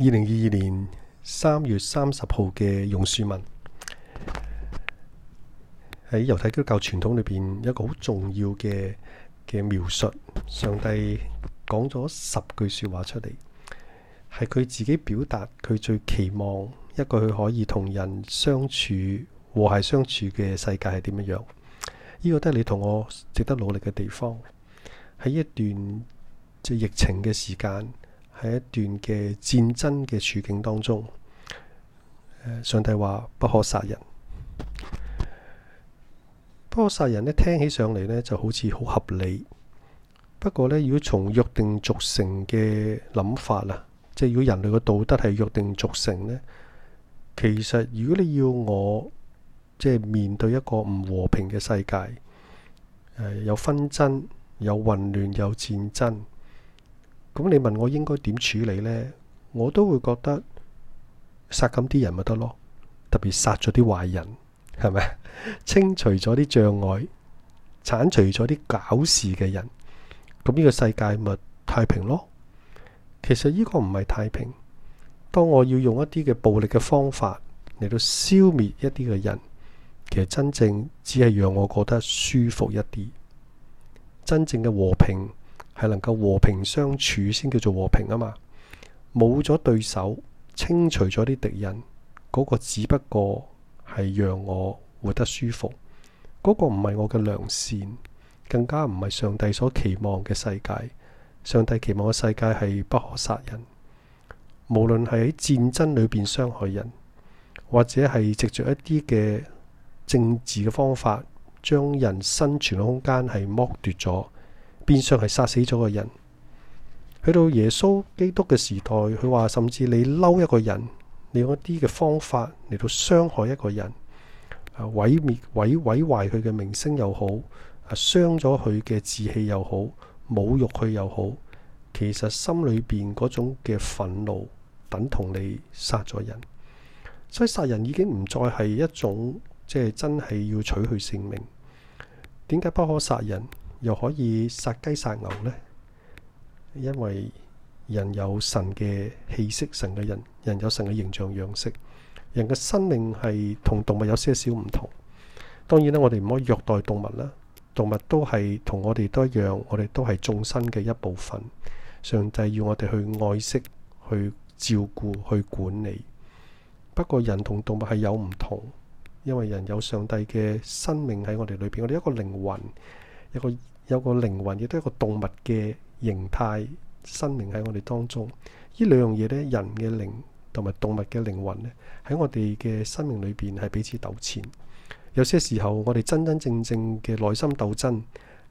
二零二二年三月三十號嘅榕樹文，喺猶太基督教傳統裏邊，一個好重要嘅嘅描述。上帝講咗十句說話出嚟，係佢自己表達佢最期望一個佢可以同人相處和諧相處嘅世界係點樣樣。呢個都係你同我值得努力嘅地方。喺一段即疫情嘅時間。喺一段嘅戰爭嘅處境當中，上帝話不可殺人。不可殺人呢，聽起上嚟呢，就好似好合理。不過呢，如果從約定俗成嘅諗法啊，即係如果人類嘅道德係約定俗成呢，其實如果你要我即係、就是、面對一個唔和平嘅世界，有紛爭、有混亂、有戰爭。咁你問我應該點處理呢？我都會覺得殺咁啲人咪得咯，特別殺咗啲壞人，係咪 清除咗啲障礙，鏟除咗啲搞事嘅人，咁呢個世界咪太平咯？其實呢個唔係太平，當我要用一啲嘅暴力嘅方法嚟到消滅一啲嘅人，其實真正只係讓我覺得舒服一啲，真正嘅和平。係能夠和平相處先叫做和平啊嘛！冇咗對手，清除咗啲敵人，嗰個只不過係讓我活得舒服。嗰個唔係我嘅良善，更加唔係上帝所期望嘅世界。上帝期望嘅世界係不可殺人，無論係喺戰爭裏邊傷害人，或者係藉着一啲嘅政治嘅方法，將人生存空間係剝奪咗。變相係殺死咗個人，去到耶穌基督嘅時代，佢話，甚至你嬲一個人，你用一啲嘅方法嚟到傷害一個人，啊，毀滅毀毀壞佢嘅名聲又好，啊，傷咗佢嘅志氣又好，侮辱佢又好，其實心裏邊嗰種嘅憤怒等同你殺咗人，所以殺人已經唔再係一種，即係、就是、真係要取佢性命，點解不可殺人？又可以殺雞殺牛呢？因為人有神嘅氣息，神嘅人，人有神嘅形象樣式，人嘅生命係同動物有些少唔同。當然啦，我哋唔可以虐待動物啦。動物都係同我哋都一樣，我哋都係眾生嘅一部分。上帝要我哋去愛惜、去照顧、去管理。不過人同動物係有唔同，因為人有上帝嘅生命喺我哋裏邊，我哋一個靈魂。有個有個靈魂，亦都有一個動物嘅形態生命喺我哋當中。呢兩樣嘢咧，人嘅靈同埋動物嘅靈魂咧，喺我哋嘅生命裏邊係彼此糾纏。有些時候，我哋真真正正嘅內心鬥爭，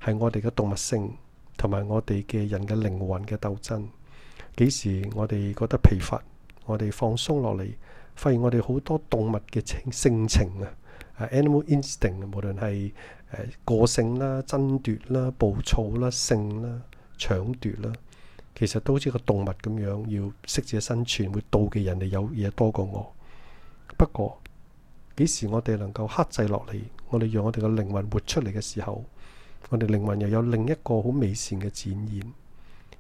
係我哋嘅動物性同埋我哋嘅人嘅靈魂嘅鬥爭。幾時我哋覺得疲乏，我哋放鬆落嚟，發現我哋好多動物嘅性性情啊！Animal instinct，無論係誒個性啦、爭奪啦、暴躁啦、性啦、搶奪啦，其實都好似個動物咁樣，要適者生存，會妒忌人哋有嘢多過我。不過幾時我哋能夠克制落嚟，我哋讓我哋個靈魂活出嚟嘅時候，我哋靈魂又有另一個好美善嘅展現。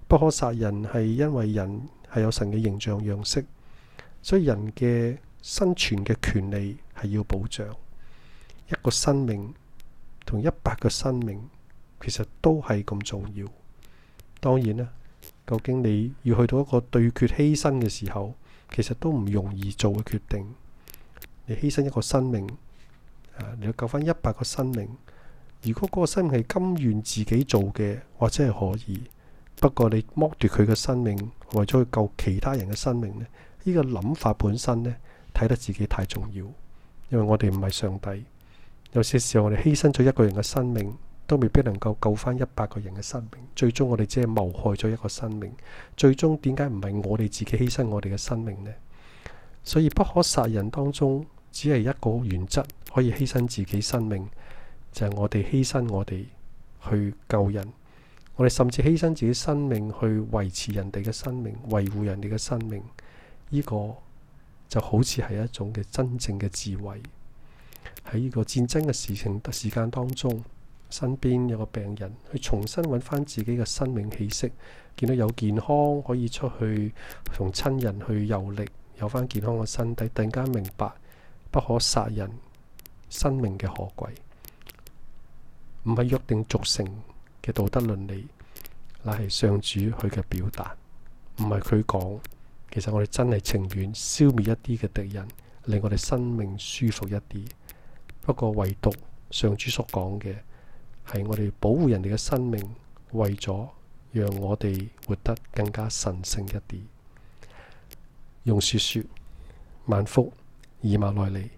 不可殺人係因為人係有神嘅形象樣式，所以人嘅生存嘅權利係要保障。一個生命同一百個生命，其實都係咁重要。當然啦，究竟你要去到一個對決犧牲嘅時候，其實都唔容易做嘅決定。你犧牲一個生命，你要救翻一百個生命。如果嗰個生命係甘願自己做嘅，或者係可以，不過你剝奪佢嘅生命，為咗去救其他人嘅生命咧，呢、呢個諗法本身呢，睇得自己太重要，因為我哋唔係上帝。有些時候我哋犧牲咗一個人嘅生命，都未必能夠救翻一百個人嘅生命。最終我哋只係謀害咗一個生命。最終點解唔係我哋自己犧牲我哋嘅生命呢？所以不可殺人當中，只係一個原則可以犧牲自己生命，就係我哋犧牲我哋去救人。我哋甚至犧牲自己生命去維持人哋嘅生命，維護人哋嘅生命。呢個就好似係一種嘅真正嘅智慧。喺呢個戰爭嘅事情時間當中，身邊有個病人去重新揾翻自己嘅生命氣息，見到有健康可以出去同親人去遊歷，有翻健康嘅身體，突然間明白不可殺人生命嘅可貴，唔係約定俗成嘅道德倫理，乃係上主佢嘅表達，唔係佢講。其實我哋真係情願消滅一啲嘅敵人，令我哋生命舒服一啲。不過，唯獨上主所講嘅係我哋保護人哋嘅生命，為咗讓我哋活得更加神聖一啲。用説説，萬福以馬內利。